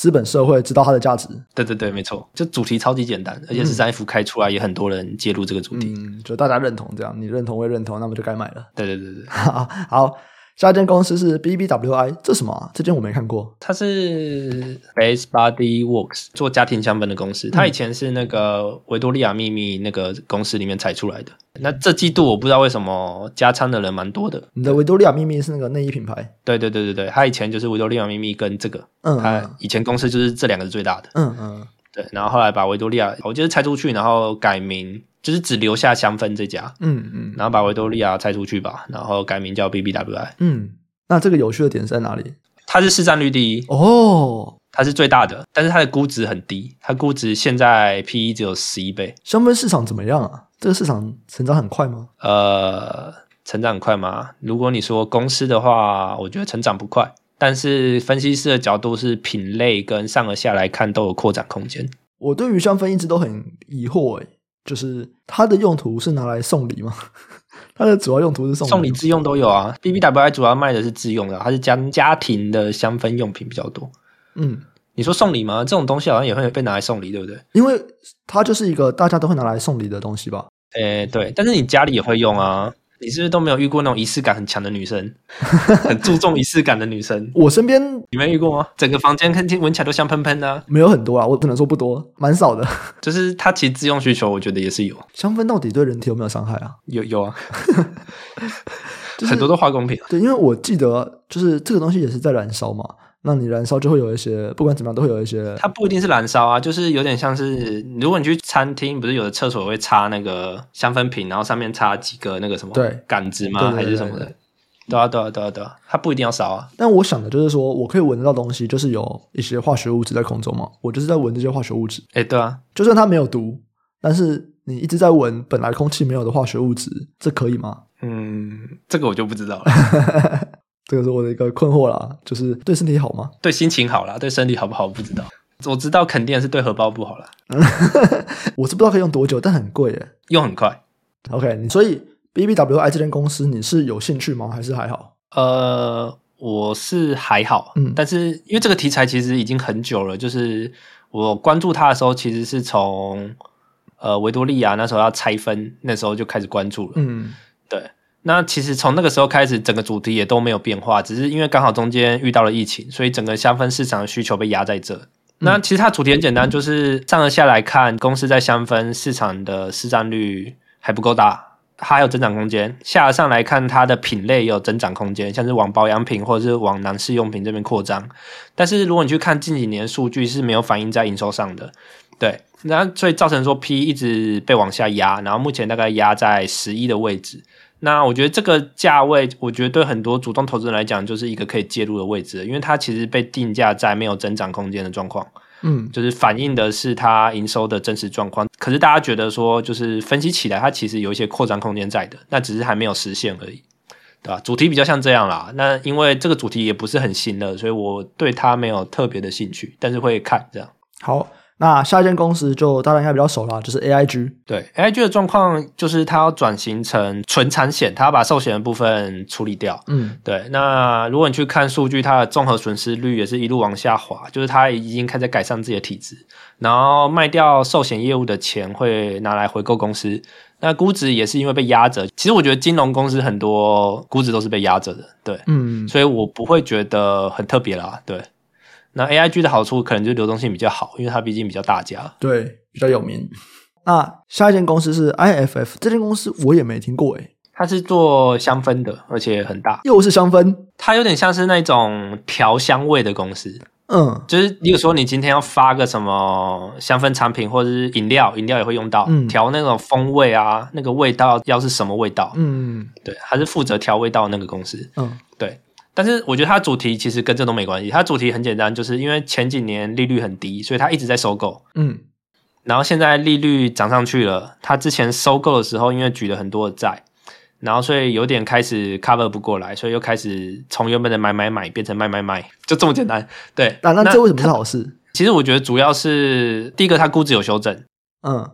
資本社會知道他的價值。對對對，沒錯。就主題超級簡單，而且是 13F 開出來，也很多人介入這個主題。嗯嗯。就大家認同這樣，你認同我也認同，那麼就該買了。對對對對， (laughs) 好。好下間公司是 BBWI，這什麼、啊？這間我沒看過。它是 Bath Body Works，做家庭香氛的公司。它以前是那個維多利亞秘密那個公司裡面拆出來的。那這季度我不知道為什麼加倉的人蠻多的。你的維多利亞秘密是那個內衣品牌？對對對對對，它以前就是維多利亞秘密跟這個。嗯、啊，它以前公司就是這兩個是最大的。嗯嗯。對，然後後來把維多利亞，我就是拆出去，然後改名，就是只留下香氛這家，嗯嗯，嗯然後把維多利亞拆出去吧，然後改名叫 BBWI。嗯，那這個有趣的點是在哪裡？它是市占率第一哦，它是最大的，但是它的估值很低，它估值現在 PE 只有十一倍。香氛市場怎麼樣啊？這個市場成長很快嗎？呃，成長很快嗎？如果你說公司的話，我覺得成長不快。但是分析師的角度是品類跟上而下來看都有擴展空間。我對於香氛一直都很疑惑，欸，哎，就是它的用途是拿來送禮嗎？ (laughs) 它的主要用途是送禮送禮自用都有啊。BBWI 主要賣的是自用的，它是家家庭的香氛用品比較多。嗯，你說送禮嗎？這種東西好像也會被拿來送禮，對不對？因為它就是一個大家都會拿來送禮的東西吧。哎，欸，對，但是你家裡也會用啊。你是不是都沒有遇過那種儀式感很強的女生，很注重儀式感的女生？ (laughs) 我身邊你沒遇過嗎？整個房間看起聞起來都香噴噴的、啊。沒有很多啊，我只能說不多，蠻少的。就是她其實自用需求，我覺得也是有。香氛到底對人體有沒有傷害啊？有有啊， (laughs) 就是、 (laughs) 很多的化工品、啊。對，因為我記得，就是這個東西也是在燃燒嘛。那你燃燒就會有一些，不管怎麼樣都會有一些。它不一定是燃燒啊，嗯、就是有點像是，如果你去餐廳，不是有的廁所會插那個香氛瓶，然後上面插幾個那個什麼對杆子嗎？對對對對還是什麼的？對,對,對,對,對啊，對啊，對啊，對啊。它不一定要燒啊。但我想的就是說我可以聞得到東西，就是有一些化學物質在空中嘛。我就是在聞這些化學物質。哎，欸、對啊，就算它沒有毒，但是你一直在聞本來空氣沒有的化學物質，這可以嗎？嗯，這個我就不知道了。 (laughs) 這個是我的一個困惑啦，就是對身體好嗎？對心情好啦？對身體好不好？不知道。我知道肯定的是對荷包不好啦。 (laughs) 我是不知道可以用多久，但很貴耶，用很快。OK，你所以 BBWI 這間公司你是有興趣嗎？還是還好？呃，我是還好。嗯，但是因為這個題材其實已經很久了，就是我關注它的時候，其實是從呃維多利亞那時候要拆分，那時候就開始關注了。嗯，對。那其實從那個時候開始，整個主題也都沒有變化，只是因為剛好中間遇到了疫情，所以整個香氛市場的需求被壓在這。嗯、那其實它主題很簡單，就是上而下來看，公司在香氛市場的市占率還不夠大，它還有增長空間；下而上來看，它的品類也有增長空間，像是往保養品或者是往男士用品這邊擴張。但是如果你去看近幾年的數據，是沒有反映在營收上的，對，那所以造成說 P 一直被往下壓，然後目前大概壓在十一的位置。那我覺得這個價位，我覺得對很多主動投資人來講，就是一個可以介入的位置，因為它其實被定價在沒有增長空間的狀況，嗯，就是反映的是它營收的真實狀況。可是大家覺得說，就是分析起來，它其實有一些擴張空間在的，那只是還沒有實現而已，對吧？主題比較像這樣啦。那因為這個主題也不是很新的，所以我對它沒有特別的興趣，但是會看這樣。好。那下一間公司就當然應該比較熟了，就是 AIG。對，AIG 的狀況，就是它要轉型成純產險，它要把壽險的部分處理掉。嗯，對。那如果你去看數據，它的綜合損失率也是一路往下滑，就是它已經開始改善自己的體質。然後賣掉壽險業務的錢會拿來回購公司，那估值也是因為被壓着。其實我覺得金融公司很多估值都是被壓着的，對，嗯，所以我不會覺得很特別啦，對。那 A I G 的好處可能就流動性比較好，因為它畢竟比較大家，對，比較有名。那下一間公司是 I F F，這間公司我也沒聽過誒、欸，它是做香氛的，而且很大，又是香氛，它有點像是那種調香味的公司，嗯，就是你有時候你今天要發個什麼香氛產品，或者是飲料，飲料也會用到調、嗯、那種風味啊，那個味道要是什麼味道，嗯，對，還是負責調味道的那個公司，嗯，對。但是我覺得它主題其實跟這都沒關係。它主題很簡單，就是因為前幾年利率很低，所以它一直在收購。嗯，然後現在利率漲上去了，它之前收購的時候因為舉了很多的債，然後所以有點開始 cover 不過來，所以又開始從原本的買買買變成賣賣賣，就這麼簡單。對，那、啊、那這為什麼是好事？其實我覺得主要是第一個它估值有修正，嗯，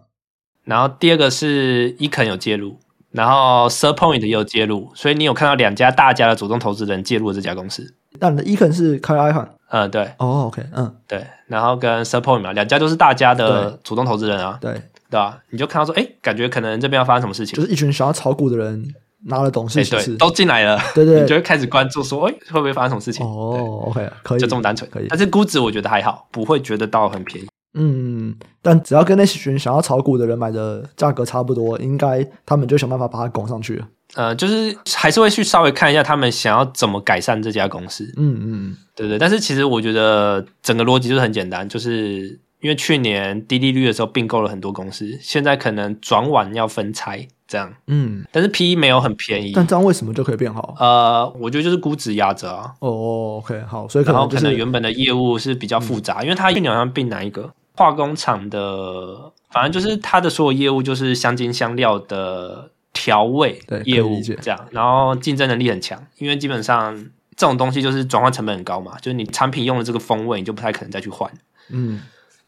然後第二個是伊肯有介入。然後 Third Point 也有介入，所以你有看到兩家大家的主動投資人介入了這家公司。那伊肯是 Carl Icahn，嗯，對，哦、oh,，OK，嗯、uh.，對，然後跟 Third Point 兩家都是大家的主動投資人啊，對，對吧，你就看到說，哎，感覺可能這邊要發生什麼事情，就是一群想要炒股的人拿了董事席是都進來了，對對，你就會開始關注說，哎，會不會發生什麼事情？哦、oh,，OK，對可以，就這麼單純，可以。但是估值我覺得還好，不會覺得到很便宜。嗯，但只要跟那些群想要炒股的人買的價格差不多，應該他們就想辦法把它拱上去。呃，就是還是會去稍微看一下他們想要怎麼改善這家公司。嗯嗯，對，對對。但是其實我覺得整個邏輯就是很簡單，就是因為去年低利率的時候併購了很多公司，現在可能轉晚要分拆這樣。嗯，但是 PE 沒有很便宜，但這樣為什麼就可以變好？呃，我覺得就是估值壓着啊。哦、oh,，OK，好，所以可能、就是、然後可能原本的業務是比較複雜，嗯、因為他去年好像併哪一個？化工廠的，反正就是它的所有業務就是香精香料的調味業務，這樣，然後競爭能力很強，因為基本上這種東西就是轉換成本很高嘛，就是你產品用了這個風味，你就不太可能再去換，嗯，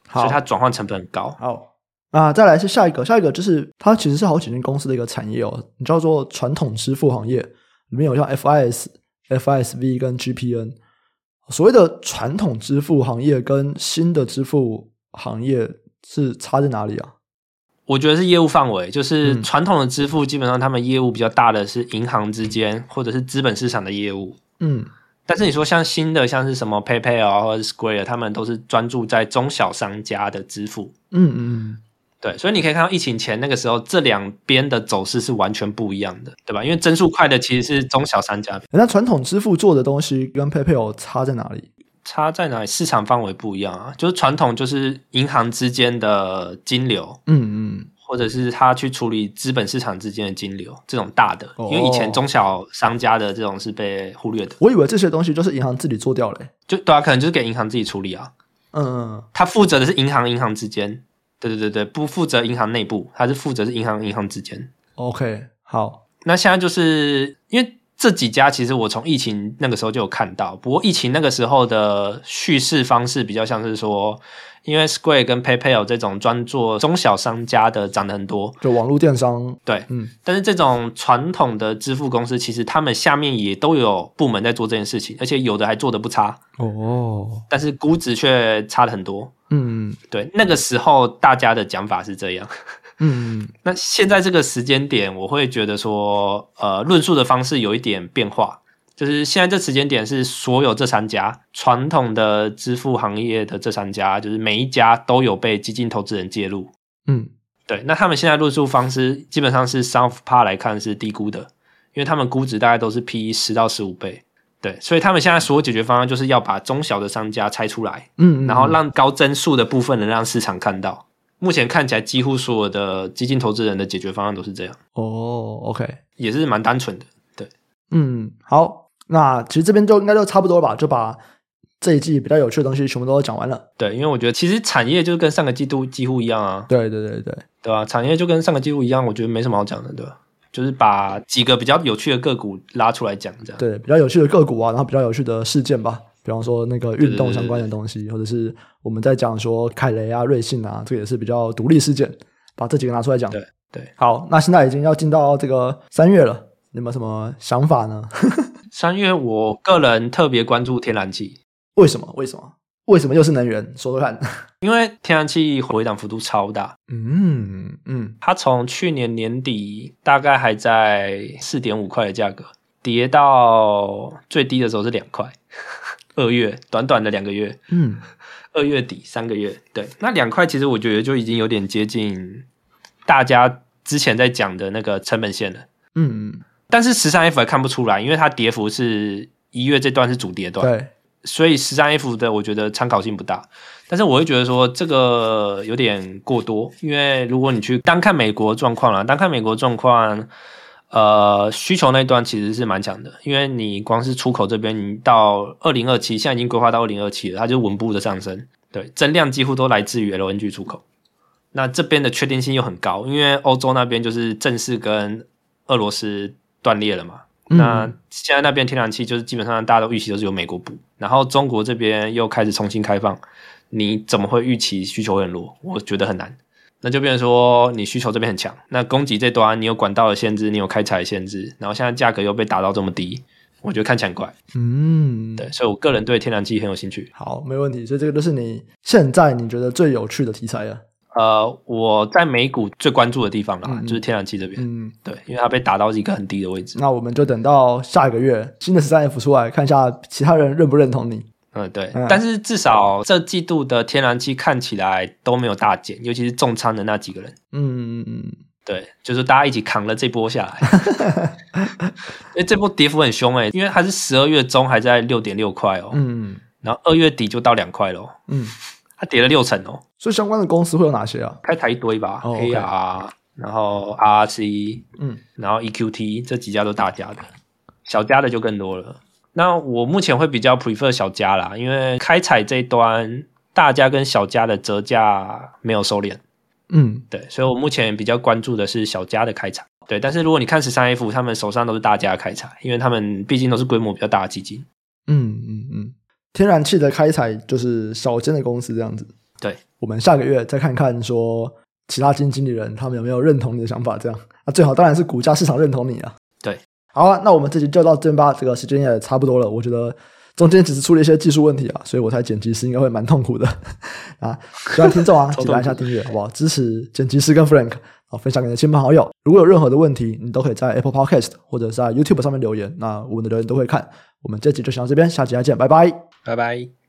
好，所以它轉換成本很高。好，啊，再來是下一個，下一個就是它其實是好幾間公司的一個產業哦，你叫做傳統支付行業裡面有叫 FIS、FISV 跟 GPN，所謂的傳統支付行業跟新的支付。行業是差在哪裡啊？我覺得是業務範圍，就是傳統的支付，基本上他們業務比較大的是銀行之間或者是資本市場的業務。嗯，但是你說像新的，像是什麼 PayPal 或者 Square，他們都是專注在中小商家的支付。嗯，嗯嗯，對，所以你可以看到疫情前那個時候，這兩邊的走勢是完全不一樣的，對吧？因為增速快的其實是中小商家。欸，那傳統支付做的東西跟 PayPal 差在哪裡？差在哪裡？市場範圍不一樣啊，就是傳統就是銀行之間的金流，嗯嗯，或者是他去處理資本市場之間的金流，這種大的，哦、因為以前中小商家的這種是被忽略的。我以為這些東西就是銀行自己做掉嘞、欸，就對啊，可能就是給銀行自己處理啊。嗯，他負責的是銀行銀行之間，對對對對，不負責銀行內部，他是負責是銀行銀行之間。OK，好，那現在就是因為。這幾家其實我從疫情那個時候就有看到，不過疫情那個時候的敘事方式比較像是說，因為 Square 跟 PayPal 這種專做中小商家的漲得很多，就網絡電商。對，嗯。但是這種傳統的支付公司，其實他們下面也都有部門在做這件事情，而且有的還做得不差。哦。但是估值卻差了很多。嗯，對，那個時候大家的講法是這樣。嗯，嗯，那現在這個時間點，我會覺得說，呃，論述的方式有一點變化，就是現在這時間點是所有這三家傳統的支付行業的這三家，就是每一家都有被激進投資人介入。嗯，對。那他們現在論述方式基本上是 SOTP 來看是低估的，因為他們估值大概都是 PE 十到十五倍。對，所以他們現在所有解決方案就是要把中小的商家拆出來，嗯、嗯、嗯，然後讓高增速的部分能讓市場看到。目前看起來，幾乎所有的基金投資人的解決方案都是這樣。哦，OK，也是蠻單純的，對，嗯，好，那其實這邊就應該就差不多了吧，就把這一季比較有趣的東西全部都講完了。對，因為我覺得其實產業就是跟上個季度幾乎一樣啊。對，對，對，對，對吧？產業就跟上個季度一樣，我覺得沒什麼好講的，對吧？就是把幾個比較有趣的個股拉出來講，這樣。對，比較有趣的個股啊，然後比較有趣的事件吧。比方說那個運動相關的東西，是或者是我們在講說凱雷啊、瑞信啊，這也是比較獨立事件，把這幾個拿出來講。對對，好，那現在已經要進到這個三月了，你有沒有什麼想法呢？ (laughs) 三月，我個人特別關注天然氣，為什麼？為什麼？為什麼又是能源？說說看。 (laughs) 因為天然氣回檔幅度超大。嗯嗯，它、嗯、從去年年底大概還在四點五塊的價格，跌到最低的時候是兩塊。 (laughs) 二月，短短的兩個月，嗯，二月底三個月，對，那兩塊其實我覺得就已經有點接近大家之前在講的那個成本線了，嗯嗯，但是十三 F 還看不出來，因為它跌幅是一月這段是主跌段，對，所以十三 F 的我覺得參考性不大，但是我會覺得說這個有點過多，因為如果你去單看美國狀況了，單看美國狀況啊。呃，需求那一端其實是蠻強的，因為你光是出口這邊，你到二零二七，現在已經規劃到二零二七了，它就穩步的上升，對，增量幾乎都來自於 LNG 出口。那這邊的確定性又很高，因為歐洲那邊就是正式跟俄羅斯斷裂了嘛，嗯，那現在那邊天然氣就是基本上大家都預期都是由美國補，然後中國這邊又開始重新開放，你怎麼會預期需求很弱？我覺得很難。那就變成說，你需求這邊很強，那供給這端你有管道的限制，你有開採的限制，然後現在價格又被打到這麼低，我覺得看起來很怪。嗯，對，所以我個人對天然氣很有興趣。好，沒問題。所以這個就是你現在你覺得最有趣的題材了。呃，我在美股最關注的地方啦，啊、就是天然氣這邊、嗯。嗯，對，因為它被打到一個很低的位置。那我們就等到下一個月新的十三 F 出來，看一下其他人認不認同你。嗯，對，但是至少這季度的天然氣看起來都沒有大減，尤其是重倉的那幾個人。嗯，對，就是大家一起扛了這波下來。誒，這波跌幅很凶誒，因為它是十二月中還在六點六塊哦，嗯，然後二月底就到兩塊咯。嗯，它跌了六成哦。所以相關的公司會有哪些啊？開台一堆吧，AR，然後 RRC，嗯，然後 EQT，這幾家都大加的，小加的就更多了。那我目前會比較 prefer 小家啦，因為開採這一端，大家跟小家的折價沒有收斂。嗯，對，所以我目前比較關注的是小家的開採。對，但是如果你看十三 F，他們手上都是大家的開採，因為他們畢竟都是規模比較大的基金。嗯嗯嗯，天然氣的開採就是小間的公司這樣子。對，我們下個月再看看說其他基金經理人他們有沒有認同你的想法，這樣啊，最好當然是股價市場認同你啊。對。好了，那我們這期就到這邊吧，這個時間也差不多了。我覺得中間只是出了一些技術問題啊，所以我猜剪輯師應該會蠻痛苦的啊。喜歡聽眾啊，記得按下訂閱，好不好？支持剪輯師跟 Frank，分享給你的親朋好友。如果有任何的問題，你都可以在 Apple Podcast 或者是在 YouTube 上面留言，那我們的留言都會看。我們這期就先到這邊，下期再見，拜拜，拜拜。